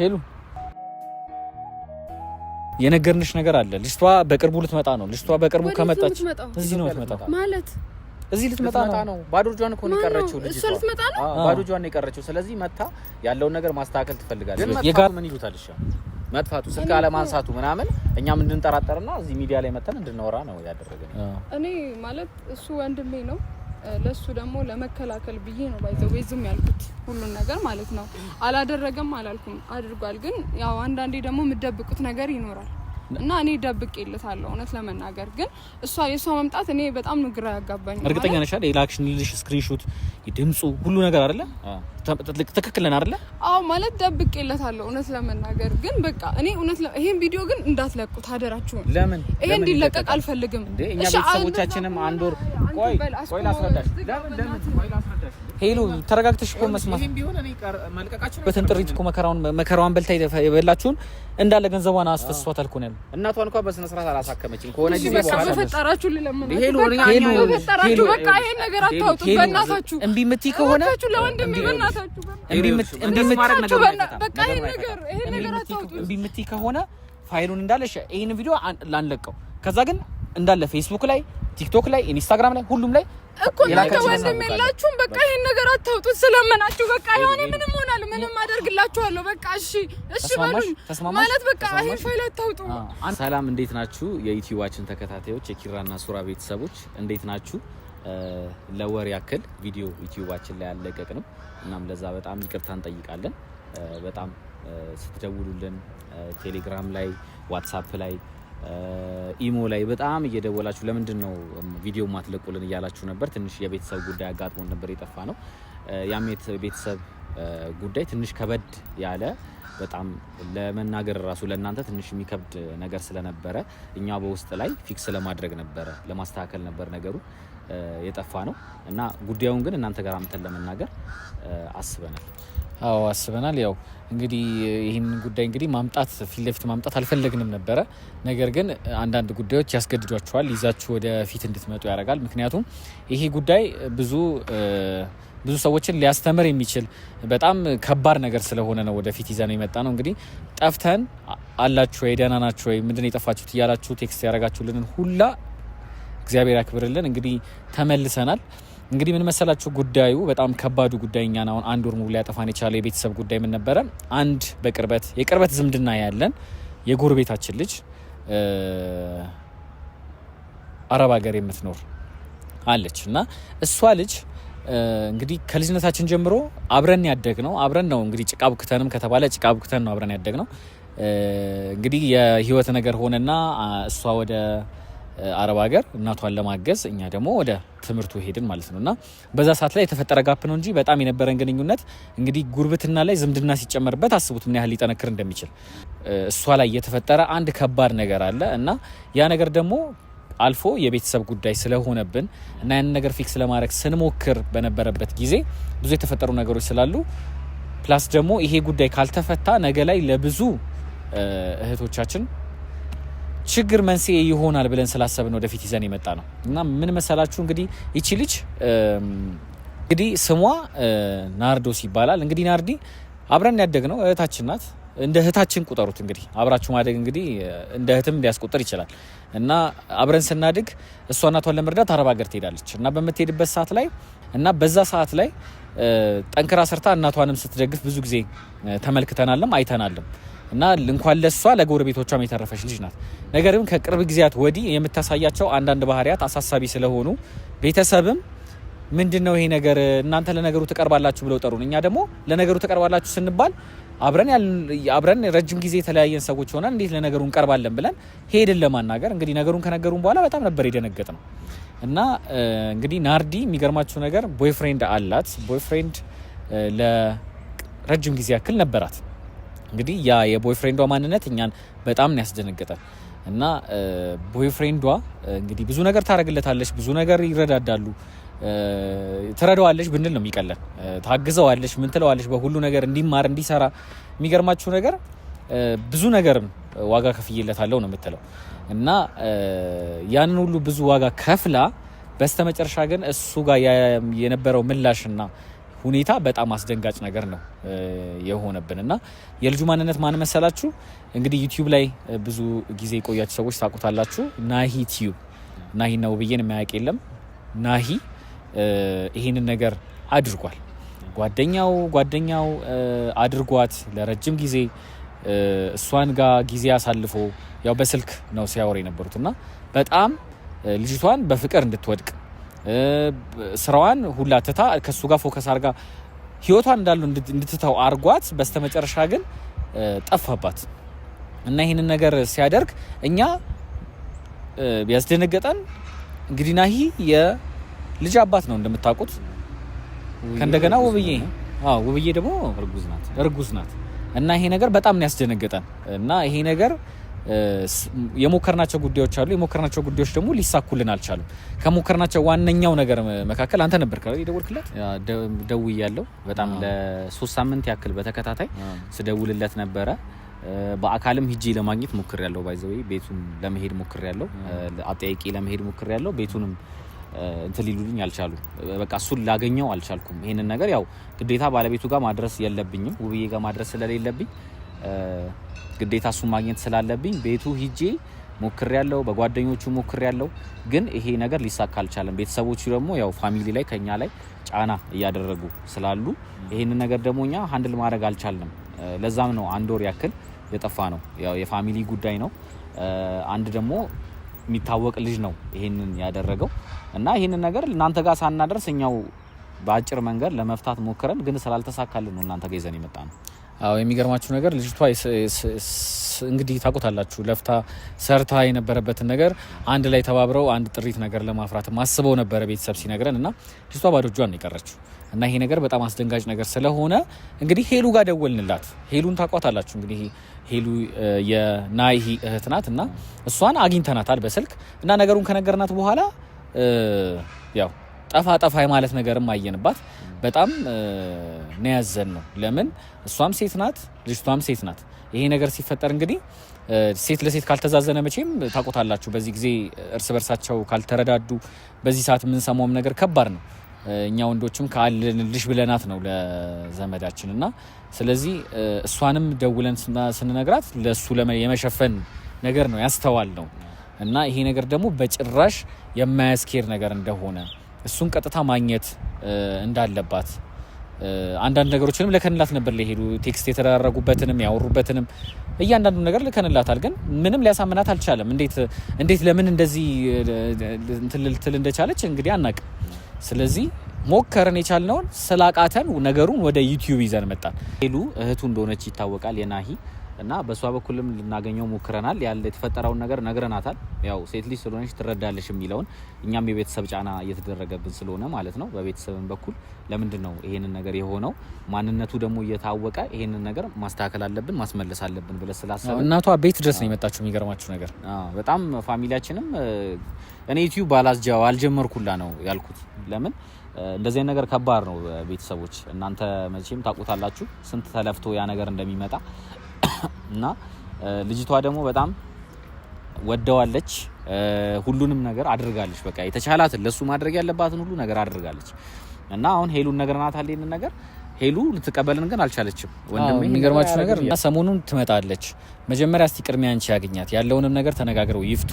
ሄሉ የነገርንሽ ነገር አለ። ልጅቷ በቅርቡ ልትመጣ ነው። ልጅቷ በቅርቡ ከመጣች እዚህ ነው ልትመጣ ማለት እዚህ ልትመጣ ነው። ባዶ እጇን እኮ ነው የቀረችው ልጅቷ። ባዶ እጇን ነው የቀረችው። ስለዚህ መታ ያለውን ነገር ማስተካከል ትፈልጋለች። የጋር ምን ይሉታል? እሺ መጥፋቱ ስልክ አለማንሳቱ ምናምን እኛም እንድንጠራጠርና እዚህ ሚዲያ ላይ መተን እንድናወራ ነው ያደረገን። እኔ ማለት እሱ ወንድሜ ነው ለሱ ደግሞ ለመከላከል ብዬ ነው ባይዘው ዝም ያልኩት ሁሉን ነገር ማለት ነው። አላደረገም አላልኩም፣ አድርጓል። ግን ያው አንዳንዴ ደግሞ የምደብቁት ነገር ይኖራል እና እኔ ደብቅ የለታለሁ እውነት ለመናገር ግን እሷ የእሷ መምጣት እኔ በጣም ንግራ ያጋባኝ። እርግጠኛ ነሻል? አይደል? የላክሽን ልሽ ስክሪንሾት፣ ድምፁ ሁሉ ነገር አይደለም ትክክልን አለ። አዎ ማለት ደብቄለታለሁ። እውነት ለመናገር ግን በቃ እኔ እውነት ይሄን ቪዲዮ ግን እንዳትለቁት አደራችሁን። ለምን ይሄ እንዲለቀቅ አልፈልግም። እኛ ቤተሰቦቻችንም አንድ ወር ቆይ ቆይ ላስረዳሽ። ሄሎ ተረጋግተሽ እኮ መስማት በትን እኮ መከራውን መከራዋን በልታ የበላችሁን እንዳለ ገንዘቧን አስፈስቷታል እኮ ነው ያለው። እናቷን እንኳን በስነ ስርዓት አላሳከመችም። ከሆነ ጊዜ በኋላ በፈጠራችሁ ልለምን በፈጠራችሁ በቃ ይሄን ነገር አታውጡ። በእናታችሁ እምቢ የምትይ ከሆነ ለወንድሜ በእናታ እምቢ ከሆነ ፋይሉን እንዳለ ይህን ቪዲዮ ላንለቀው። ከዛ ግን እንዳለ ፌስቡክ ላይ፣ ቲክቶክ ላይ፣ ኢንስታግራም ላይ ሁሉም ላይ እኮ እናንተ ወንድም የላችሁም። በቃ ይሄን ነገር አታውጡት ስለመናችሁ። በቃ የሆነ ምንም ሆናል፣ ምንም አደርግላችኋለሁ። በቃ እሺ፣ እሺ በሉኝ ማለት በቃ ይሄን ፋይል አታውጡ። ሰላም፣ እንዴት ናችሁ? የዩቲዩባችን ተከታታዮች፣ የኪራና ሱራ ቤተሰቦች እንዴት ናችሁ? ለወር ያክል ቪዲዮ ዩቲዩባችን ላይ ያለቀቅ ነው። እናም ለዛ በጣም ይቅርታ እንጠይቃለን። በጣም ስትደውሉልን ቴሌግራም ላይ፣ ዋትሳፕ ላይ፣ ኢሞ ላይ በጣም እየደወላችሁ ለምንድን ነው ቪዲዮ ማትለቁልን እያላችሁ ነበር። ትንሽ የቤተሰብ ጉዳይ አጋጥሞን ነበር የጠፋ ነው። ያም የቤተሰብ ጉዳይ ትንሽ ከበድ ያለ በጣም ለመናገር ራሱ ለእናንተ ትንሽ የሚከብድ ነገር ስለነበረ እኛ በውስጥ ላይ ፊክስ ለማድረግ ነበረ ለማስተካከል ነበር ነገሩ የጠፋ ነው እና ጉዳዩን ግን እናንተ ጋር አምተን ለመናገር አስበናል። አዎ አስበናል። ያው እንግዲህ ይህን ጉዳይ እንግዲህ ማምጣት ፊት ለፊት ማምጣት አልፈለግንም ነበረ። ነገር ግን አንዳንድ ጉዳዮች ያስገድዷቸዋል፣ ይዛችሁ ወደ ፊት እንድትመጡ ያደርጋል። ምክንያቱም ይሄ ጉዳይ ብዙ ብዙ ሰዎችን ሊያስተምር የሚችል በጣም ከባድ ነገር ስለሆነ ነው ወደፊት ይዘን የመጣ ነው። እንግዲህ ጠፍተን አላችሁ ወይ ደህና ናችሁ ወይ ምንድን የጠፋችሁት እያላችሁ ቴክስት ያደረጋችሁልንን ሁላ እግዚአብሔር ያክብርልን። እንግዲህ ተመልሰናል። እንግዲህ ምን መሰላችሁ ጉዳዩ በጣም ከባዱ ጉዳይ እኛን አሁን አንድ ወር ሙሉ ሊያጠፋን የቻለ የቤተሰብ ጉዳይ ምን ነበረ? አንድ በቅርበት የቅርበት ዝምድና ያለን የጎረቤታችን ልጅ አረብ ሀገር የምትኖር አለች እና እሷ ልጅ እንግዲህ ከልጅነታችን ጀምሮ አብረን ያደግ ነው አብረን ነው እንግዲህ ጭቃ ቡክተንም ከተባለ ጭቃ ቡክተን ነው አብረን ያደግ ነው። እንግዲህ የህይወት ነገር ሆነና እሷ ወደ አረብ ሀገር እናቷን ለማገዝ እኛ ደግሞ ወደ ትምህርቱ ሄድን ማለት ነው። እና በዛ ሰዓት ላይ የተፈጠረ ጋፕ ነው እንጂ በጣም የነበረን ግንኙነት እንግዲህ ጉርብትና ላይ ዝምድና ሲጨመርበት አስቡት ምን ያህል ሊጠነክር እንደሚችል። እሷ ላይ የተፈጠረ አንድ ከባድ ነገር አለ እና ያ ነገር ደግሞ አልፎ የቤተሰብ ጉዳይ ስለሆነብን እና ያንን ነገር ፊክስ ለማድረግ ስንሞክር በነበረበት ጊዜ ብዙ የተፈጠሩ ነገሮች ስላሉ ፕላስ ደግሞ ይሄ ጉዳይ ካልተፈታ ነገ ላይ ለብዙ እህቶቻችን ችግር መንስኤ ይሆናል ብለን ስላሰብን ወደፊት ይዘን የመጣ ነው እና ምን መሰላችሁ እንግዲህ ይቺ ልጅ እንግዲህ ስሟ ናርዶስ ይባላል። እንግዲህ ናርዲ አብረን ያደግ ነው እህታችን ናት። እንደ እህታችን ቁጠሩት። እንግዲህ አብራችሁ ማደግ እንግዲህ እንደ እህትም ሊያስቆጥር ይችላል እና አብረን ስናድግ እሷ እናቷን ለመርዳት አረብ ሀገር ትሄዳለች እና በምትሄድበት ሰዓት ላይ እና በዛ ሰዓት ላይ ጠንክራ ሰርታ እናቷንም ስትደግፍ ብዙ ጊዜ ተመልክተናልም አይተናልም። እና እንኳን ለሷ ለጎረቤቶቿም የተረፈች ልጅ ናት። ነገር ግን ከቅርብ ጊዜያት ወዲህ የምታሳያቸው አንዳንድ ባህሪያት አሳሳቢ ስለሆኑ ቤተሰብም ምንድን ነው ይሄ ነገር እናንተ ለነገሩ ትቀርባላችሁ ብለው ጠሩን። እኛ ደግሞ ለነገሩ ትቀርባላችሁ ስንባል አብረን አብረን ረጅም ጊዜ የተለያየን ሰዎች ሆነን እንዴት ለነገሩ እንቀርባለን ብለን ሄድን ለማናገር። እንግዲህ ነገሩን ከነገሩን በኋላ በጣም ነበር የደነገጥ ነው። እና እንግዲህ ናርዲ የሚገርማችሁ ነገር ቦይፍሬንድ አላት። ቦይፍሬንድ ለረጅም ጊዜ ያክል ነበራት። እንግዲህ ያ የቦይፍሬንዷ ማንነት እኛን በጣም ነው ያስደነገጠን። እና ቦይፍሬንዷ እንግዲህ ብዙ ነገር ታደርግለታለች፣ ብዙ ነገር ይረዳዳሉ፣ ትረዳዋለች ብንል ነው የሚቀለን። ታግዘዋለች፣ ምን ትለዋለች፣ በሁሉ ነገር እንዲማር እንዲሰራ። የሚገርማችሁ ነገር ብዙ ነገርም ዋጋ ከፍዬለታለሁ ነው የምትለው እና ያንን ሁሉ ብዙ ዋጋ ከፍላ በስተመጨረሻ ግን እሱ ጋር የነበረው ምላሽና ሁኔታ በጣም አስደንጋጭ ነገር ነው የሆነብን እና የልጁ ማንነት ማን መሰላችሁ? እንግዲህ ዩቲዩብ ላይ ብዙ ጊዜ የቆያችሁ ሰዎች ታውቁታላችሁ። ናሂ ቲዩብ ነው ብዬን የማያውቅ የለም። ናሂ ይህንን ነገር አድርጓል። ጓደኛው ጓደኛው አድርጓት ለረጅም ጊዜ እሷን ጋር ጊዜ አሳልፎ ያው በስልክ ነው ሲያወር የነበሩት እና በጣም ልጅቷን በፍቅር እንድትወድቅ ስራዋን ሁላ ትታ ከሱ ጋር ፎከስ አርጋ ህይወቷን እንዳሉ እንድትተው አርጓት፣ በስተመጨረሻ ግን ጠፋባት እና ይህንን ነገር ሲያደርግ እኛ ያስደነገጠን እንግዲህ ናሂ የልጅ አባት ነው እንደምታውቁት። ከእንደገና ውብዬ ውብዬ ደግሞ እርጉዝ ናት እና ይሄ ነገር በጣም ነው ያስደነገጠን እና ይሄ ነገር የሞከርናቸው ጉዳዮች አሉ። የሞከርናቸው ጉዳዮች ደግሞ ሊሳኩልን አልቻሉም። ከሞከርናቸው ዋነኛው ነገር መካከል አንተ ነበርክ የደወልክለት። ያለው በጣም ለሶስት ሳምንት ያክል በተከታታይ ስደውልለት ነበረ። በአካልም ሂጂ ለማግኘት ሞክር ያለው ባይዘዌ ቤቱን ለመሄድ ሞክር ያለው አጠያቂ ለመሄድ ሞክር ያለው ቤቱንም እንትን ሊሉልኝ አልቻሉ። በቃ እሱን ላገኘው አልቻልኩም። ይህንን ነገር ያው ግዴታ ባለቤቱ ጋር ማድረስ የለብኝም ውብዬ ጋር ማድረስ ስለሌለብኝ ግዴታ ሱ ማግኘት ስላለብኝ ቤቱ ሂጄ ሞክር ያለው በጓደኞቹ ሞክር ያለው ግን ይሄ ነገር ሊሳካ አልቻለም። ቤተሰቦቹ ደግሞ ያው ፋሚሊ ላይ ከኛ ላይ ጫና እያደረጉ ስላሉ ይሄንን ነገር ደግሞ እኛ ሀንድል ማድረግ አልቻልንም። ለዛም ነው አንድ ወር ያክል የጠፋ ነው። ያው የፋሚሊ ጉዳይ ነው። አንድ ደግሞ የሚታወቅ ልጅ ነው ይሄንን ያደረገው እና ይህንን ነገር እናንተ ጋር ሳናደርስ እኛው በአጭር መንገድ ለመፍታት ሞክረን ግን ስላልተሳካልን ነው እናንተ ጋር ይዘን የመጣ ነው። አዎ የሚገርማችሁ ነገር ልጅቷ እንግዲህ ታውቁታላችሁ ለፍታ ሰርታ የነበረበትን ነገር አንድ ላይ ተባብረው አንድ ጥሪት ነገር ለማፍራት ማስበው ነበረ ቤተሰብ ሲነግረን እና ልጅቷ ባዶ እጇን የቀረችው እና ይሄ ነገር በጣም አስደንጋጭ ነገር ስለሆነ እንግዲህ ሄሉ ጋር ደወልንላት። ሄሉን ታውቋታላችሁ እንግዲህ ሄሉ የናይሂ እህት ናት እና እሷን አግኝተናታል በስልክ እና ነገሩን ከነገርናት በኋላ ያው ጠፋ ጠፋ የማለት ነገርም አየንባት። በጣም ነያዘን ነው። ለምን እሷም ሴት ናት፣ ልጅቷም ሴት ናት። ይሄ ነገር ሲፈጠር እንግዲህ ሴት ለሴት ካልተዛዘነ መቼም ታቆታላችሁ። በዚህ ጊዜ እርስ በርሳቸው ካልተረዳዱ በዚህ ሰዓት የምንሰማውም ነገር ከባድ ነው። እኛ ወንዶችም ከአልልሽ ብለናት ነው ለዘመዳችን እና ስለዚህ እሷንም ደውለን ስንነግራት ለእሱ የመሸፈን ነገር ነው ያስተዋል ነው እና ይሄ ነገር ደግሞ በጭራሽ የማያስኬድ ነገር እንደሆነ እሱን ቀጥታ ማግኘት እንዳለባት አንዳንድ ነገሮችንም ልከንላት ነበር። ሊሄዱ ቴክስት የተደራረጉበትንም ያወሩበትንም እያንዳንዱ ነገር ልከንላታል። ግን ምንም ሊያሳምናት አልቻለም። እንዴት እንዴት ለምን እንደዚህ ትል እንደቻለች እንግዲህ አናቅም። ስለዚህ ሞከርን የቻልነውን ስላቃተን ነገሩን ወደ ዩቲዩብ ይዘን መጣን። ሄሉ እህቱ እንደሆነች ይታወቃል የናሂ እና በእሷ በኩልም ልናገኘው ሞክረናል። ያለ የተፈጠረውን ነገር ነግረናታል። ያው ሴት ልጅ ስለሆነች ትረዳለሽ የሚለውን እኛም የቤተሰብ ጫና እየተደረገብን ስለሆነ ማለት ነው። በቤተሰብን በኩል ለምንድን ነው ይሄንን ነገር የሆነው? ማንነቱ ደግሞ እየታወቀ ይሄንን ነገር ማስተካከል አለብን ማስመለስ አለብን ብለ ስላሰብ እናቷ ቤት ድረስ ነው የመጣችሁ። የሚገርማችሁ ነገር በጣም ፋሚሊያችንም እኔ ዩቲዩብ ባላስጃው አልጀመርኩላ ነው ያልኩት። ለምን እንደዚህ ነገር ከባድ ነው። ቤተሰቦች እናንተ መቼም ታውቁታላችሁ ስንት ተለፍቶ ያ ነገር እንደሚመጣ እና ልጅቷ ደግሞ በጣም ወደዋለች። ሁሉንም ነገር አድርጋለች። በቃ የተቻላትን ለሱ ማድረግ ያለባትን ሁሉ ነገር አድርጋለች። እና አሁን ሄሉን ነግረናታል ይሄንን ነገር ሄሉ ልትቀበልን ግን አልቻለችም። ወንድም የሚገርማችሁ ነገር ሰሞኑን ትመጣለች። መጀመሪያ እስቲ ቅድሚያ አንቺ ያገኛት ያለውንም ነገር ተነጋግረው ይፍቱ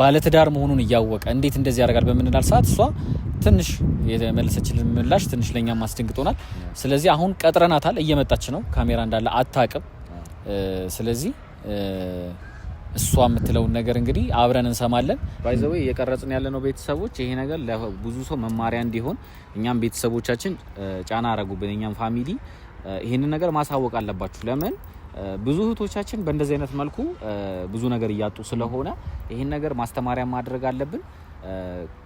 ባለትዳር መሆኑን እያወቀ እንዴት እንደዚህ ያደርጋል በምንላል ሰዓት እሷ ትንሽ የመለሰችልን ምላሽ ትንሽ ለእኛም አስደንግጦናል። ስለዚህ አሁን ቀጥረናታል፣ እየመጣች ነው። ካሜራ እንዳለ አታቅም። ስለዚህ እሷ የምትለውን ነገር እንግዲህ አብረን እንሰማለን። ባይዘዌ እየቀረጽን ያለ ነው ቤተሰቦች። ይሄ ነገር ለብዙ ሰው መማሪያ እንዲሆን እኛም ቤተሰቦቻችን ጫና አረጉብን፣ እኛም ፋሚሊ ይህንን ነገር ማሳወቅ አለባችሁ ለምን ብዙ እህቶቻችን በእንደዚህ አይነት መልኩ ብዙ ነገር እያጡ ስለሆነ ይህን ነገር ማስተማሪያ ማድረግ አለብን።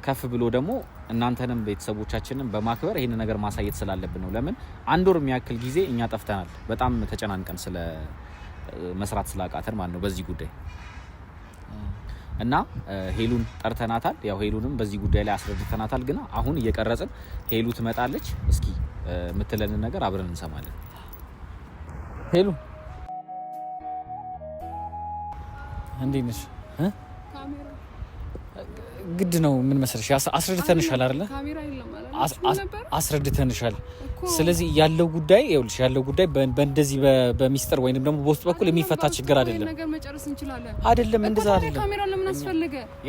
ከፍ ብሎ ደግሞ እናንተንም ቤተሰቦቻችንን በማክበር ይህን ነገር ማሳየት ስላለብን ነው። ለምን አንድ ወር የሚያክል ጊዜ እኛ ጠፍተናል፣ በጣም ተጨናንቀን ስለ መስራት ስላቃተን ማለት ነው በዚህ ጉዳይ እና ሄሉን ጠርተናታል። ያው ሄሉንም በዚህ ጉዳይ ላይ አስረድተናታል። ግን አሁን እየቀረጽን ሄሉ ትመጣለች። እስኪ የምትለንን ነገር አብረን እንሰማለን። ሄሉ እንዴት ነሽ? ግድ ነው ምን መሰለሽ፣ አስረድተንሻል አይደለ? አስረድተንሻል ስለዚህ ያለው ጉዳይ ይኸውልሽ፣ ያለው ጉዳይ በእንደዚህ በሚስጥር ወይንም ደግሞ በውስጥ በኩል የሚፈታ ችግር አይደለም። አይደለም እንደዛ አይደለም።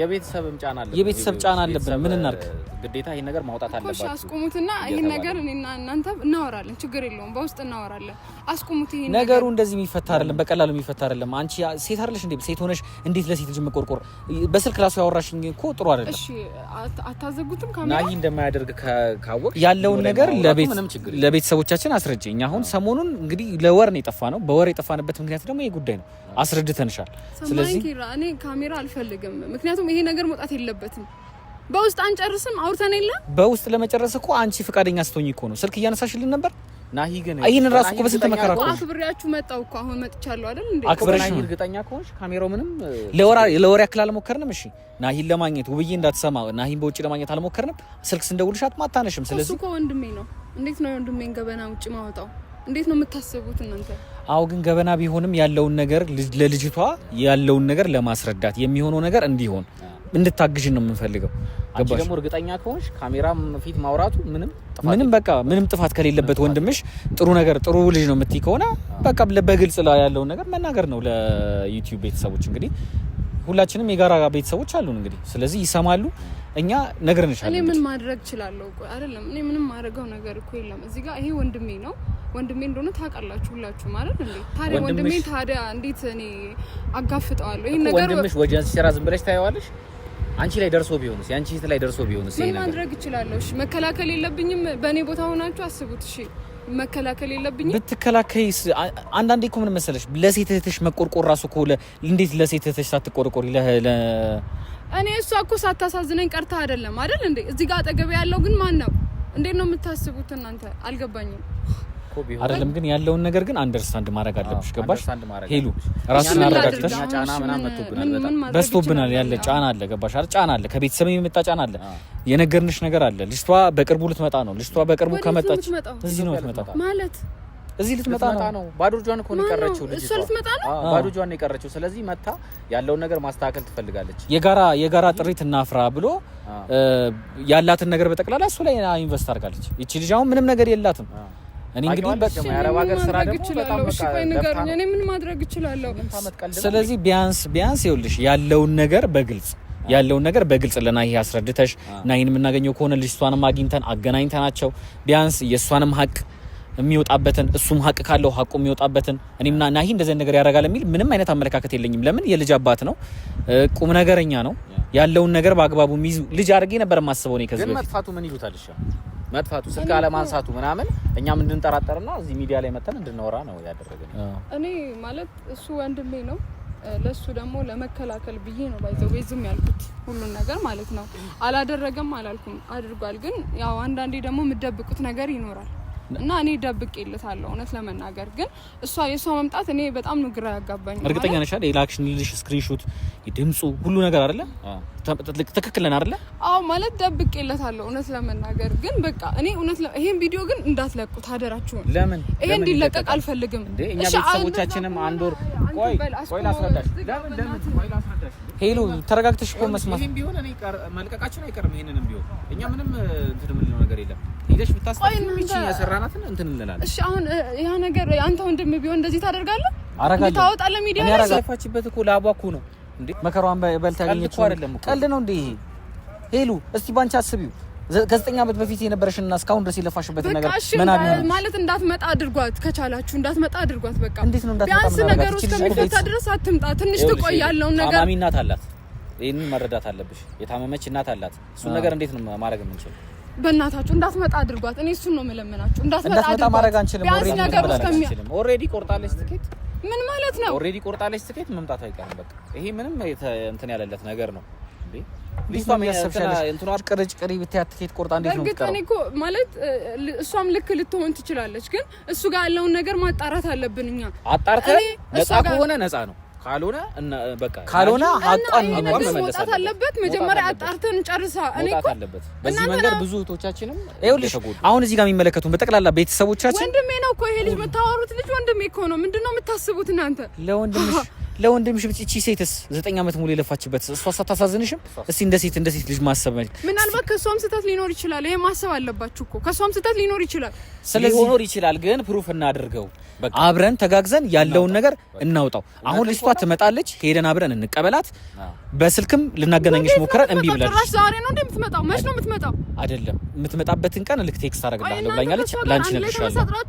የቤተሰብም ጫና አለብን፣ የቤተሰብ ጫና አለብን። ምን እናርግ? ግዴታ ይሄን ነገር ማውጣት አለባችሁ። አስቁሙትና ይሄን ነገር እኔና እናንተ እናወራለን። ችግር የለውም፣ በውስጥ እናወራለን። አስቁሙት። ይሄን ነገሩ እንደዚህ የሚፈታ አይደለም፣ በቀላሉ የሚፈታ አይደለም። አንቺ ሴት አይደለሽ እንዴ? ሴት ሆነሽ እንዴት ለሴት ልጅ መቆርቆር? በስልክ ራሱ ያወራሽኝ እኮ ጥሩ አይደለም። እሺ፣ አታዘጉትም ካሜራ ናሂ እንደማያደርግ ካወቅ ያለውን ነገር ለቤት ለቤተሰቦቻችን አስረጅ። እኛ አሁን ሰሞኑን እንግዲህ ለወር ነው የጠፋ ነው። በወር የጠፋንበት ምክንያት ደግሞ ይሄ ጉዳይ ነው። አስረድተንሻል። ስለዚህ እኔ ካሜራ አልፈልግም፣ ምክንያቱም ይሄ ነገር መውጣት የለበትም። በውስጥ አንጨርስም አውርተን የለ በውስጥ ለመጨረስ እኮ አንቺ ፈቃደኛ ስትሆኝ እኮ ነው። ስልክ እያነሳሽልን ነበር ናሂ ግን ይሄን ራሱ እኮ በስንት አክብሬያችሁ መጣሁ እኮ አሁን መጥቻለሁ አይደል እንዴ? አክብሬሽ እርግጠኛ ከሆንሽ ካሜራው ምንም ለወራ ያክል አልሞከርንም። እሺ ናሂን ለማግኘት ውብዬ እንዳትሰማ ናሂን በውጭ ለማግኘት አልሞከርንም። ስልክ ስንደውልሽ ስለዚህ እኮ ወንድሜ ነው። እንዴት ነው ወንድሜን ገበና ውጭ ማውጣው? እንዴት ነው የምታስቡት እናንተ? አዎ ግን ገበና ቢሆንም ያለውን ነገር ለልጅቷ ያለውን ነገር ለማስረዳት የሚሆነው ነገር እንዲሆን እንድታግዥን ነው የምንፈልገው። አንቺ ደግሞ እርግጠኛ ከሆንሽ ካሜራ ፊት ማውራቱ ምንም ምንም በቃ ምንም ጥፋት ከሌለበት ወንድምሽ ጥሩ ነገር ጥሩ ልጅ ነው የምትይ ከሆነ በቃ በግልጽ ላይ ያለውን ነገር መናገር ነው ለዩቲዩብ ቤተሰቦች። እንግዲህ ሁላችንም የጋራ ቤተሰቦች አሉን እንግዲህ ስለዚህ ይሰማሉ። እኛ ነገር እንሻለን። እኔ ምን ማድረግ እችላለሁ? አይደለም እኔ ምንም ማድረገው ነገር እኮ የለም። እዚህ ጋር ይሄ ወንድሜ ነው። ወንድሜ እንደሆነ ታውቃላችሁ ሁላችሁ ማለት እንዴ። ታዲያ ወንድሜ ታዲያ እንዴት እኔ አጋፍጠዋለሁ? ይሄ ነገር ወንድምሽ ወጀን ሲራ ዝም ብለሽ ታየዋለሽ አንቺ ላይ ደርሶ ቢሆንስ? ያንቺ እህት ላይ ደርሶ ቢሆንስ? ምን ማድረግ እችላለሁ? እሺ መከላከል የለብኝም። በእኔ ቦታ ሆናችሁ አስቡት። እሺ መከላከል የለብኝም። ብትከላከይስ? አንዳንዴ እኮ ምን መሰለሽ፣ ለሴት እህትሽ መቆርቆር ራሱ እኮ እንዴት ለሴት እህትሽ ሳትቆርቆሪ እኔ እሷ እኮ ሳታሳዝነኝ ቀርታ አይደለም አይደል እንዴ? እዚህ ጋር አጠገቤ ያለው ግን ማን ነው? እንዴት ነው የምታስቡት እናንተ? አልገባኝም። አይደለም ግን ያለውን ነገር ግን አንደርስታንድ ማድረግ አለብሽ። ገባሽ ሄሉ? ራስሽን አረጋግተሽ በዝቶብናል ያለ ጫና አለ። ገባሽ አይደል? ጫና አለ፣ ከቤተሰብ የሚመጣ ጫና አለ። የነገርንሽ ነገር አለ። ልጅቷ በቅርቡ ልትመጣ ነው። ልጅቷ በቅርቡ ከመጣች እዚህ ነው ልትመጣ ማለት እዚህ ልትመጣ ነው። ባዶ እጇን እኮ ነው የቀረችው ልጅቷ። ባዶ እጇን ነው የቀረችው። ስለዚህ መታ ያለውን ነገር ማስተካከል ትፈልጋለች። የጋራ የጋራ ጥሪት እናፍራ ብሎ ያላትን ነገር በጠቅላላ እሱ ላይ ኢንቨስት አድርጋለች። ይቺ ልጅ አሁን ምንም ነገር የላትም። እኔ እንግዲህ ምን ማድረግ እችላለሁ? ስለዚህ ቢያንስ ቢያንስ ይኸውልሽ ያለውን ነገር በግልጽ ያለውን ነገር በግልጽ ለናሂ አስረድተሽ ናሂን የምናገኘው ከሆነ ልጅቷንም አግኝተን አገናኝተናቸው ቢያንስ የእሷንም ሀቅ የሚወጣበትን እሱም ሀቅ ካለው ሀቁ የሚወጣበትን እኔም ናሂ እንደዚህ ነገር ያደርጋል የሚል ምንም አይነት አመለካከት የለኝም። ለምን የልጅ አባት ነው፣ ቁም ነገረኛ ነው። ያለውን ነገር በአግባቡ የሚይዙ ልጅ አድርጌ ነበር የማስበው እኔ ከዚህ በፊት መጥፋቱ ምን ይሉታል? መጥፋቱ ስልክ አለማንሳቱ ምናምን እኛም እንድንጠራጠርና እዚህ ሚዲያ ላይ መተን እንድንወራ ነው ያደረገ። እኔ ማለት እሱ ወንድሜ ነው ለሱ ደግሞ ለመከላከል ብዬ ነው ባይዘው ዝም ያልኩት ሁሉን ነገር ማለት ነው። አላደረገም አላልኩም፣ አድርጓል። ግን ያው አንዳንዴ ደግሞ የምደብቁት ነገር ይኖራል እና እኔ ደብቅ እውነት ለመናገር ግን እሷ የእሷ መምጣት እኔ በጣም ነው ግራ ያጋባኝ። እርግጠኛ ነሻል የላክሽን ልጅ ስክሪንሾት፣ ድምፁ፣ ሁሉ ነገር አይደለ ትክክልን አይደለ? አዎ ማለት ደብቄለታለሁ፣ እውነት ለመናገር ግን በቃ እኔ እውነት ይሄን ቪዲዮ ግን እንዳትለቁት አደራችሁን። ለምን ይሄ እንዲለቀቅ አልፈልግም። እኛ ቤተሰቦቻችንም አንድ ወር ቆይ ቆይ ላስረዳሽ። ለምን ለምን ቆይ ላስረዳሽ። ሄሎ ተረጋግተሽ እኮ መስማት ይሄን ቢሆን እኔ ቀር መልቀቃችን አይቀርም። ይሄንንም ቢሆን እኛ ምንም እንትን የምንለው ነገር የለም። ሄደሽ ብታስተምሪ እቺን ያሰራናትን እንትን እንላለን። እሺ አሁን ያ ነገር አንተ ወንድም ቢሆን እንደዚህ ታደርጋለህ? አረጋለሁ። ታወጣለህ ሚዲያ ላይ ሰፋችበት እኮ ላቧ እኮ ነው መከራዋን በልታ ያገኘችው ቀልድ ነው እንዴ? ሄሉ እስቲ ባንቺ አስቢው ከዘጠኝ ዓመት በፊት የነበረሽና እስካሁን ድረስ የለፋሽበት ነገር ምን አለ ማለት እንዳትመጣ አድርጓት፣ ከቻላችሁ እንዳትመጣ አድርጓት። በቃ እንዴት ነው እንዳትመጣ? ቢያንስ ነገሩ እስከሚፈታ ድረስ አትምጣ፣ ትንሽ ትቆይ። ያለውን ነገር ታማሚ እናት አላት፣ ይሄንን መረዳት አለብሽ። የታመመች እናት አላት። እሱን ነገር እንዴት ነው ማድረግ የምንችለው? በእናታችሁ እንዳትመጣ አድርጓት። እኔ እሱን ነው የምለምናችሁ። እንዳትመጣ ማድረግ አንችልም። ቢያንስ ነገር ኦልሬዲ ቆርጣለች ትኬት። ምን ማለት ነው? ኦልሬዲ ቆርጣለች ትኬት፣ መምጣት አይቀርም። በቃ ይሄ ምንም እንትን ያለለት ነገር ነው። ልጅቷም ቅሪ ብትያት ትኬት ቆርጣ እንዴት ነው የምትቀረው? እኔ እኮ ማለት እሷም ልክ ልትሆን ትችላለች፣ ግን እሱ ጋር ያለውን ነገር ማጣራት አለብን እኛ። አጣርተን ነፃ ከሆነ ነፃ ነው ካልሆነ በቃ ካልሆነ አቋም መመለስ አለበት። መጀመሪያ አጣርተን ጨርሳ እኔ እኮ አለበት። በዚህ መንገድ ብዙ እህቶቻችንም ይኸውልሽ፣ አሁን እዚህ ጋር የሚመለከቱን በጠቅላላ ቤተሰቦቻችን ወንድሜ ነው እኮ ይሄ ልጅ፣ የምታወሩት ልጅ ወንድሜ እኮ ነው። ምንድን ነው የምታስቡት እናንተ? ለወንድምሽ ለወንድም ብቻ እቺ ሴትስ ዘጠኝ ዓመት ሙሉ የለፋችበት እሷ ሳታሳዝንሽም? እስቲ እንደ ሴት እንደ ሴት ልጅ ማሰብ መልክ ምናልባት ከእሷም ስህተት ሊኖር ይችላል። ይሄ ማሰብ አለባችሁ እኮ ከእሷም ስህተት ሊኖር ይችላል። ስለዚህ ሊኖር ይችላል፣ ግን ፕሩፍ እናድርገው አብረን ተጋግዘን ያለውን ነገር እናውጣው። አሁን ልጅቷ ትመጣለች፣ ሄደን አብረን እንቀበላት። በስልክም ልናገናኘሽ ሞክረን እምቢ ብላለች። ዛሬ ነው እንደምትመጣው መች ነው የምትመጣው? አይደለም የምትመጣበትን ቀን ልክ ቴክስት አደርግልሃለሁ ብላኛለች። ላንቺ ነግሬሻለሁ።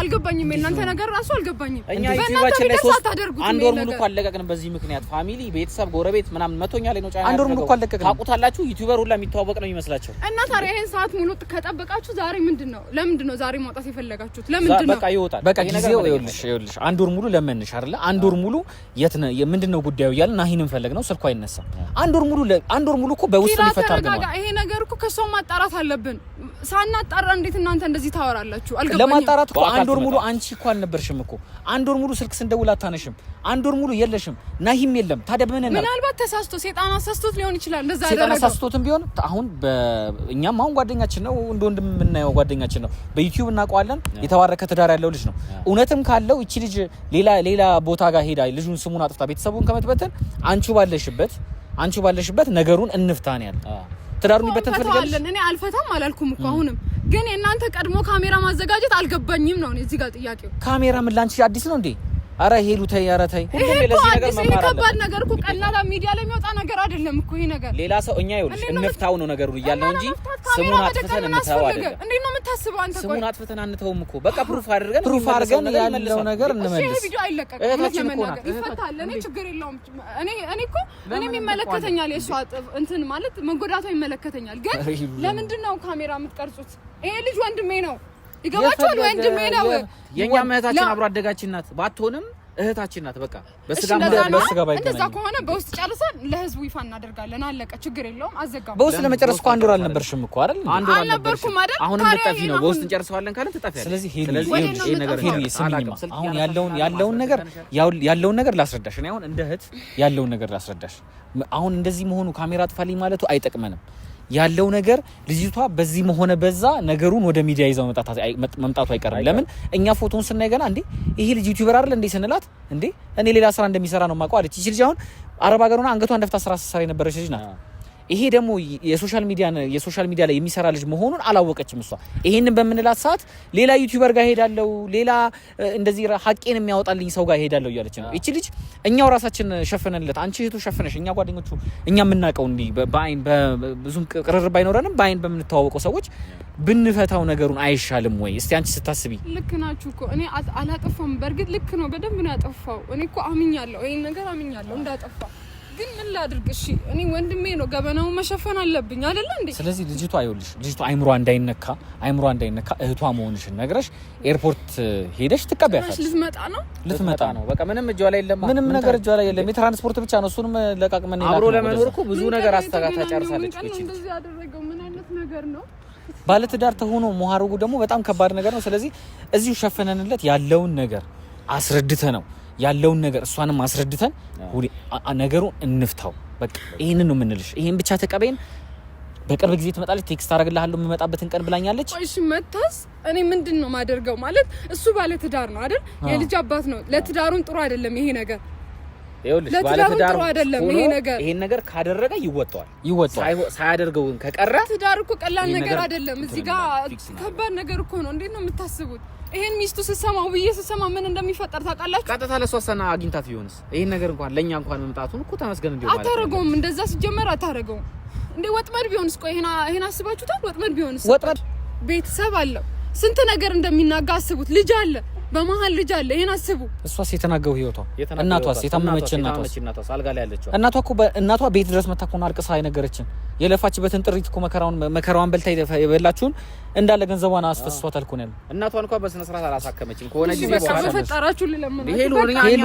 አልገባኝም። የእናንተ ነገር ራሱ አልገባኝም። እኛ ዩቲዩባችን ላይ ሶስት አንድ ወር ሙሉ እኮ አለቀቅን። በዚህ ምክንያት ፋሚሊ፣ ቤተሰብ፣ ጎረቤት ምናምን መቶኛ ላይ ነው ጫና። አንድ ወር ሙሉ እኮ አለቀቅን። ታውቁታላችሁ። ዩቲዩበር ሁላ የሚተዋወቅ ነው የሚመስላችሁ። እና ታዲያ ይሄን ሰዓት ሙሉ ከጠበቃችሁ ዛሬ ምንድን ነው? ለምንድን ነው ዛሬ ማውጣት የፈለጋችሁት? ለምንድን ነው? በቃ ይወጣል። በቃ ለጊዜው ይኸውልሽ ይኸውልሽ አንድ ወር ሙሉ ለመንሽ አይደለ? አንድ ወር ሙሉ የት ነው ምንድን ነው ጉዳዩ እያለ ናሂንም ፈለግ ነው ስልኩ አይነሳም። አንድ ወር ሙሉ አንድ ወር ሙሉ እኮ በውስጥ ሊፈታ አድርገናል። ይሄ ነገር እኮ ከሷ ማጣራት አለብን። ሳናጣራ እንዴት እናንተ እንደዚህ ታወራላችሁ? ለማጣራት እኮ አንድ ወር ሙሉ አንቺ እኮ አልነበርሽም እኮ አንድ ወር ሙሉ ስልክ ስንደውል አታነሽም። አንድ ወር ሙሉ የለሽም፣ ናሂም የለም። ታዲያ ምን እናል ምናልባት ተሳስቶ ሴጣን አሳስቶት ሊሆን ይችላል። እንደዛ ሴጣን አሳስቶትም ቢሆን አሁን እኛም አሁን ጓደኛችን ነው እንደ ወንድም የምናየው ጓደኛችን ነው። በዩቲዩብ እናውቀዋለን። የተባረከ ትዳር ያለው ልጅ ነው። እውነትም ካለው እቺ ልጅ ሌላ ሌላ ቦታ ጋር ሄዳ ልጁን ስሙን አጥፍታ ቤተሰቡን ከመትበትን አንቺ ባለሽበት አንቺ ባለሽበት ነገሩን እንፍታን ያለ ትዳሩ ይበተን ትፈልጋለሽ? እኔ አልፈታም አላልኩም እኮ አሁንም ግን እናንተ ቀድሞ ካሜራ ማዘጋጀት አልገባኝም ነው እዚህ ጋር ጥያቄው። ካሜራ ምን ላንቺ አዲስ ነው እንዴ? አረ ሄሉ ተይ፣ አረ ተይ። ሁሉም ለዚህ ነገር መማር ከባድ ነገር እኮ ቀላል ሚዲያ ላይ የሚወጣ ነገር አይደለም እኮ ይሄ ነገር። ሌላ ሰው እኛ ይኸውልሽ እንፍታው ነው ነገሩን እያለ ነው እንጂ ስሙን አጥፍተን እንተው አይደለም። አታስበው አንተ። ስሙን አጥፍተን አንተውም እኮ በቃ ፕሩፍ አድርገን ፕሩፍ አድርገን ያለው ነገር እንመልስ። ቪዲዮ አይለቀቅም ይፈታል። እኔ ችግር የለውም። እኔ እኔ እኮ እኔም ይመለከተኛል። የእሷ እንትን ማለት መጎዳቷ ይመለከተኛል። ግን ለምንድን ነው ካሜራ የምትቀርጹት? ይሄ ልጅ ወንድሜ ነው። ይገባችኋል? ወንድሜ ነው። የእኛ እህታችን አብሮ አደጋችን ናት። ባትሆንም እህታችን ናት። በቃ በስጋ እንደዛ ከሆነ በውስጥ ጨርሰን ለህዝቡ ይፋ እናደርጋለን። አለቀ፣ ችግር የለውም። አዘጋ በውስጥ ለመጨረስ እኮ አንድ ወር አልነበርሽም እኮ አይደል? አንድ ወር አልነበርኩም አይደል? አሁን ልጠፊ ነው። በውስጥ እንጨርሰዋለን ካለን ትጠፊያለሽ። ስለዚህ አሁን ያለውን ያለውን ነገር ያለውን ነገር ላስረዳሽ። እኔ አሁን እንደ እህት ያለውን ነገር ላስረዳሽ። አሁን እንደዚህ መሆኑ ካሜራ ጥፋልኝ ማለቱ አይጠቅመንም። ያለው ነገር ልጅቷ በዚህ መሆነ በዛ ነገሩን ወደ ሚዲያ ይዘው መምጣቱ አይቀርም። ለምን እኛ ፎቶን ስናይ ገና እንዴ ይሄ ልጅ ዩቲዩበር አይደል እንዴ ስንላት እንዴ እኔ ሌላ ስራ እንደሚሰራ ነው የማውቀው አለች። ይቺ ልጅ አሁን አረብ ሀገር ሆና አንገቷን ደፍታ ስራ ስትሰራ የነበረች ልጅ ናት። ይሄ ደግሞ የሶሻል ሚዲያ የሶሻል ሚዲያ ላይ የሚሰራ ልጅ መሆኑን አላወቀችም እሷ። ይሄንን በምንላት ሰዓት ሌላ ዩቲዩበር ጋር ሄዳለው፣ ሌላ እንደዚህ ሀቄን የሚያወጣልኝ ሰው ጋር ሄዳለው እያለች ነው እቺ ልጅ። እኛው ራሳችን ሸፍነንለት፣ አንቺ እህቱ ሸፍነሽ፣ እኛ ጓደኞቹ፣ እኛ የምናውቀው እንዲህ በአይን ብዙም ቅርርብ አይኖረንም፣ በአይን በምንተዋወቀው ሰዎች ብንፈታው ነገሩን አይሻልም ወይ? እስቲ አንቺ ስታስቢ። ልክ ናችሁ እኮ እኔ አላጠፋም። በእርግጥ ልክ ነው፣ በደንብ ነው ያጠፋው። እኔ እኮ አምኛለሁ፣ ይህን ነገር አምኛለሁ እንዳጠፋ ግን ምን ላድርግ? እሺ እኔ ወንድሜ ነው፣ ገበናውን መሸፈን አለብኝ አይደለ እንዴ? ስለዚህ ልጅቷ ይኸውልሽ፣ ልጅቷ አይምሯ እንዳይነካ አይምሯ እንዳይነካ እህቷ መሆንሽን ነግረሽ ኤርፖርት ሄደሽ ትቀበያታለሽ። ልትመጣ ነው ልትመጣ ነው። በቃ ምንም እጇ ላይ የለም፣ ምንም ነገር እጇ ላይ የለም። የትራንስፖርት ብቻ ነው፣ እሱንም ለቃቅመን አብሮ ለመኖር እኮ ብዙ ነገር አስተጋታ ጨርሳለች። እንደዚህ ያደረገው ምን አይነት ነገር ነው? ባለትዳር ተሆኖ መሀረጉ ደግሞ በጣም ከባድ ነገር ነው። ስለዚህ እዚሁ ሸፈነንለት ያለውን ነገር አስረድተ ነው ያለውን ነገር እሷንም አስረድተን ነገሩን እንፍታው። በቃ ይህንን ነው የምንልሽ። ይህን ብቻ ተቀበይን። በቅርብ ጊዜ ትመጣለች። ቴክስት አደርግልሃለሁ የምመጣበትን ቀን ብላኛለች። እሺ መታስ እኔ ምንድን ነው ማደርገው? ማለት እሱ ባለ ትዳር ነው አይደል? የልጅ አባት ነው። ለትዳሩን ጥሩ አይደለም ይሄ ነገር ይኸውልሽ ባለትዳር አይደለም ይሄ ነገር ይሄን ነገር ካደረገ ይወጣዋል ይወጣዋል። ሳያደርገው ከቀረ ትዳር እኮ ቀላል ነገር አይደለም። እዚህ ጋር ከባድ ነገር እኮ ነው። እንዴት ነው የምታስቡት? ይሄን ሚስቱ ስሰማ ውዬ ስሰማ ምን እንደሚፈጠር ታውቃላችሁ? ቀጥታ ለሷሰና አግኝታት ቢሆንስ ይሄን ነገር እንኳን ለእኛ እንኳን መምጣቱን እኮ ተመስገን እንዲሆን አታረገውም። እንደዛ ሲጀመር አታረገውም። እንዴ ወጥመድ ቢሆንስ? ቆይ ይሄን ይሄን አስባችሁታል? ወጥመድ ቢሆንስ? ወጥመድ ቤተሰብ አለው ስንት ነገር እንደሚናጋ አስቡት። ልጅ አለ በመሀል ልጅ አለ። ይሄን አስቡ። እሷስ የተናገው ህይወቷ እናቷስ የታመመች እናቷስ አልጋ ላይ ያለችው እናቷ እኮ እናቷ ቤት ድረስ መታ እኮ ነው አልቅሳ የነገረችን። የለፋችበትን ጥሪት እኮ መከራውን መከራዋን በልታ የበላችሁን እንዳለ ገንዘቧን አስፈስሷታል እኮ ነው። እናቷ እንኳን በስነ ስርዓት አላሳከመችም። ከሆነ ጊዜ በኋላ በፈጠራችሁ ልለምን ሄሉ ሄሉ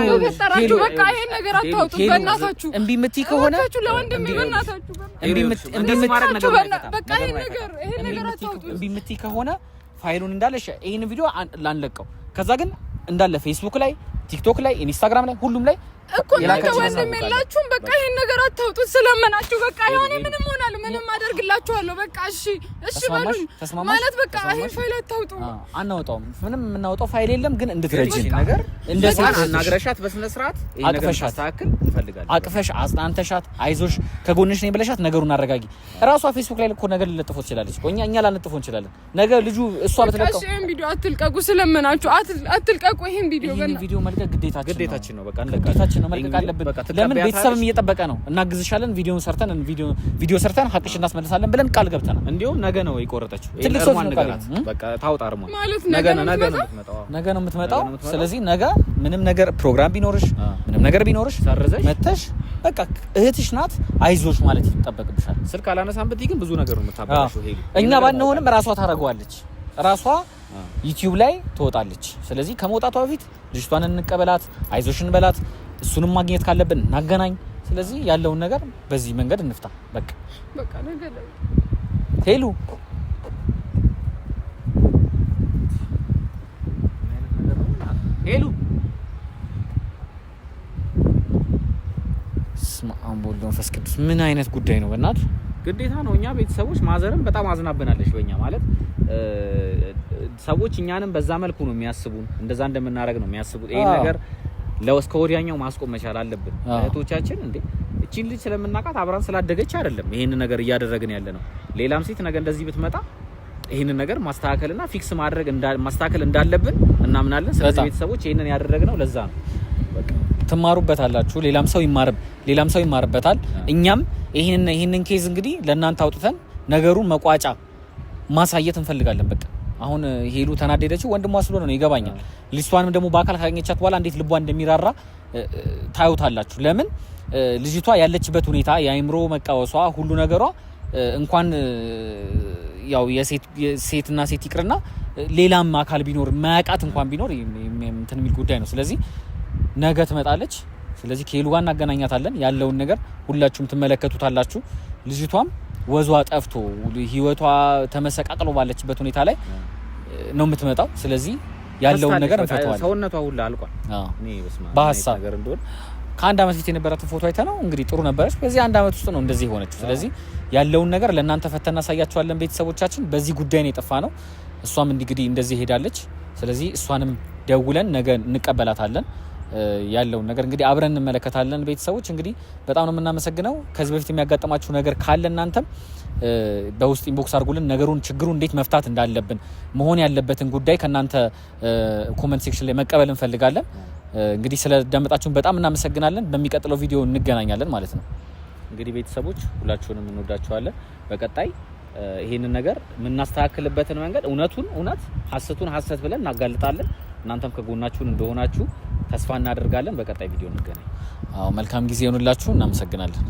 ሄሉ በቃ ይሄን ነገር አታውጡ። በእናታችሁ እምቢ የምትይ ከሆነ ለወንድሜ በእናታችሁ እምቢ የምትይ ከሆነ ፋይሉን እንዳለ ይህን ቪዲዮ ላንለቀው። ከዛ ግን እንዳለ ፌስቡክ ላይ ቲክቶክ ላይ ኢንስታግራም ላይ ሁሉም ላይ እኮ እናንተ ወንድም የላችሁም። በቃ ይሄን ነገር አታውጡት ስለመናችሁ። በቃ የሆነ ምንም ሆናለሁ ምንም አደርግላችኋለሁ። በቃ እሺ፣ እሺ በሉኝ ማለት በቃ ይሄን ፋይል አታውጡ። አናውጣውም፣ ምንም የምናውጣው ፋይል የለም። ግን እንድትረጂ ነገር እንደ ሴት አናግረሻት፣ በስነ ስርዓት አቅፈሻት፣ አቅፈሽ አጽናንተሻት፣ አይዞሽ ከጎንሽ ነኝ ብለሻት ነገሩን አረጋጊ። እራሷ ፌስቡክ ላይ እኮ ነገር ልለጥፎ ትችላለች። እኛ እኛ ላንጥፎ እንችላለን። ነገ ልጁ እሷ ብትለቀው እሺ፣ ይሄን ቪዲዮ አትልቀቁ፣ ስለመናችሁ አትልቀቁ። ይሄን ቪዲዮ መልቀቅ ግዴታችን ነው። በቃ እንለቃለን ግዴታችን ነው፣ መልቀቅ አለብን። ለምን ቤተሰብም እየጠበቀ ነው። እናግዝሻለን፣ ቪዲዮን ሰርተን ቪዲዮ ቪዲዮ ሰርተን ሀቅሽ እናስመልሳለን ብለን ቃል ገብተናል። እንዲሁም ነገ ነው የቆረጠችው። ትልቅ ሰው ነገ ነው ነገ ነው የምትመጣው። ስለዚህ ነገ ምንም ነገር ፕሮግራም ቢኖርሽ ምንም ነገር ቢኖርሽ ሰርዘሽ መተሽ በቃ እህትሽ ናት፣ አይዞሽ ማለት ይጠበቅብሻል። ስልክ አላነሳም ብትይ ግን ብዙ ነገር ነው የምታበላሽው። እኛ ባንሆንም ራሷ ታደርገዋለች ራሷ ዩቲዩብ ላይ ትወጣለች። ስለዚህ ከመውጣቷ በፊት ልጅቷን እንቀበላት፣ አይዞሽን በላት። እሱንም ማግኘት ካለብን እናገናኝ። ስለዚህ ያለውን ነገር በዚህ መንገድ እንፍታ። በቃ በቃ ነገር ሄሉ ሄሉ መንፈስ ቅዱስ ምን አይነት ጉዳይ ነው? በእናት ግዴታ ነው። እኛ ቤተሰቦች ማዘርም በጣም አዝናብናለች በኛ ማለት ሰዎች እኛንም በዛ መልኩ ነው የሚያስቡን። እንደዛ እንደምናደርግ ነው የሚያስቡት። ይሄን ነገር እስከ ወዲያኛው ማስቆም መቻል አለብን። እህቶቻችን እንዴ እቺን ልጅ ስለምናውቃት አብራን ስላደገች አይደለም ይህንን ነገር እያደረግን ያለ ነው። ሌላም ሴት ነገ እንደዚህ ብትመጣ ይህንን ነገር ማስተካከልና ፊክስ ማድረግ ማስተካከል እንዳለብን እናምናለን። ስለዚህ ቤተሰቦች ይህንን ያደረግነው ለዛ ነው። ትማሩበት አላችሁ። ሌላም ሰው ይማርብ ሌላም ሰው ይማርበታል። እኛም ይህንን ይህንን ኬዝ እንግዲህ ለእናንተ አውጥተን ነገሩን መቋጫ ማሳየት እንፈልጋለን በቃ አሁን ሄሉ ተናደደችው ወንድሟ ስለሆነ ነው፣ ይገባኛል። ልጅቷንም ደግሞ በአካል ካገኘቻት በኋላ እንዴት ልቧ እንደሚራራ ታዩታላችሁ። ለምን ልጅቷ ያለችበት ሁኔታ የአእምሮ መቃወሷ ሁሉ ነገሯ እንኳን ያው የሴትና ሴት ይቅርና ሌላም አካል ቢኖር ማያቃት እንኳን ቢኖር እንትን የሚል ጉዳይ ነው። ስለዚህ ነገ ትመጣለች። ስለዚህ ከሄሉ ጋር እናገናኛታለን። ያለውን ነገር ሁላችሁም ትመለከቱታላችሁ። ልጅቷም ወዟ ጠፍቶ ህይወቷ ተመሰቃቅሎ ባለችበት ሁኔታ ላይ ነው የምትመጣው። ስለዚህ ያለውን ነገር እንፈተዋል። ሰውነቷ ሁላ አልቋል። በሀሳብ ከአንድ አመት ፊት የነበራትን ፎቶ አይተ ነው እንግዲህ ጥሩ ነበረች። በዚህ አንድ አመት ውስጥ ነው እንደዚህ የሆነችው። ስለዚህ ያለውን ነገር ለእናንተ ፈተና እናሳያቸዋለን። ቤተሰቦቻችን በዚህ ጉዳይ ነው የጠፋ ነው። እሷም እንግዲህ እንደዚህ ሄዳለች። ስለዚህ እሷንም ደውለን ነገ እንቀበላታለን። ያለውን ነገር እንግዲህ አብረን እንመለከታለን። ቤተሰቦች እንግዲህ በጣም ነው የምናመሰግነው። ከዚህ በፊት የሚያጋጠማችሁ ነገር ካለ እናንተም በውስጥ ኢንቦክስ አድርጉልን። ነገሩን ችግሩ እንዴት መፍታት እንዳለብን መሆን ያለበትን ጉዳይ ከእናንተ ኮመንት ሴክሽን ላይ መቀበል እንፈልጋለን። እንግዲህ ስለዳመጣችሁን በጣም እናመሰግናለን። በሚቀጥለው ቪዲዮ እንገናኛለን ማለት ነው። እንግዲህ ቤተሰቦች ሁላችሁንም እንወዳችኋለን። በቀጣይ ይህንን ነገር የምናስተካክልበትን መንገድ እውነቱን እውነት ሀሰቱን ሀሰት ብለን እናጋልጣለን። እናንተም ከጎናችሁን እንደሆናችሁ ተስፋ እናደርጋለን። በቀጣይ ቪዲዮ እንገናኝ። አዎ መልካም ጊዜ ይሆንላችሁ። እናመሰግናለን።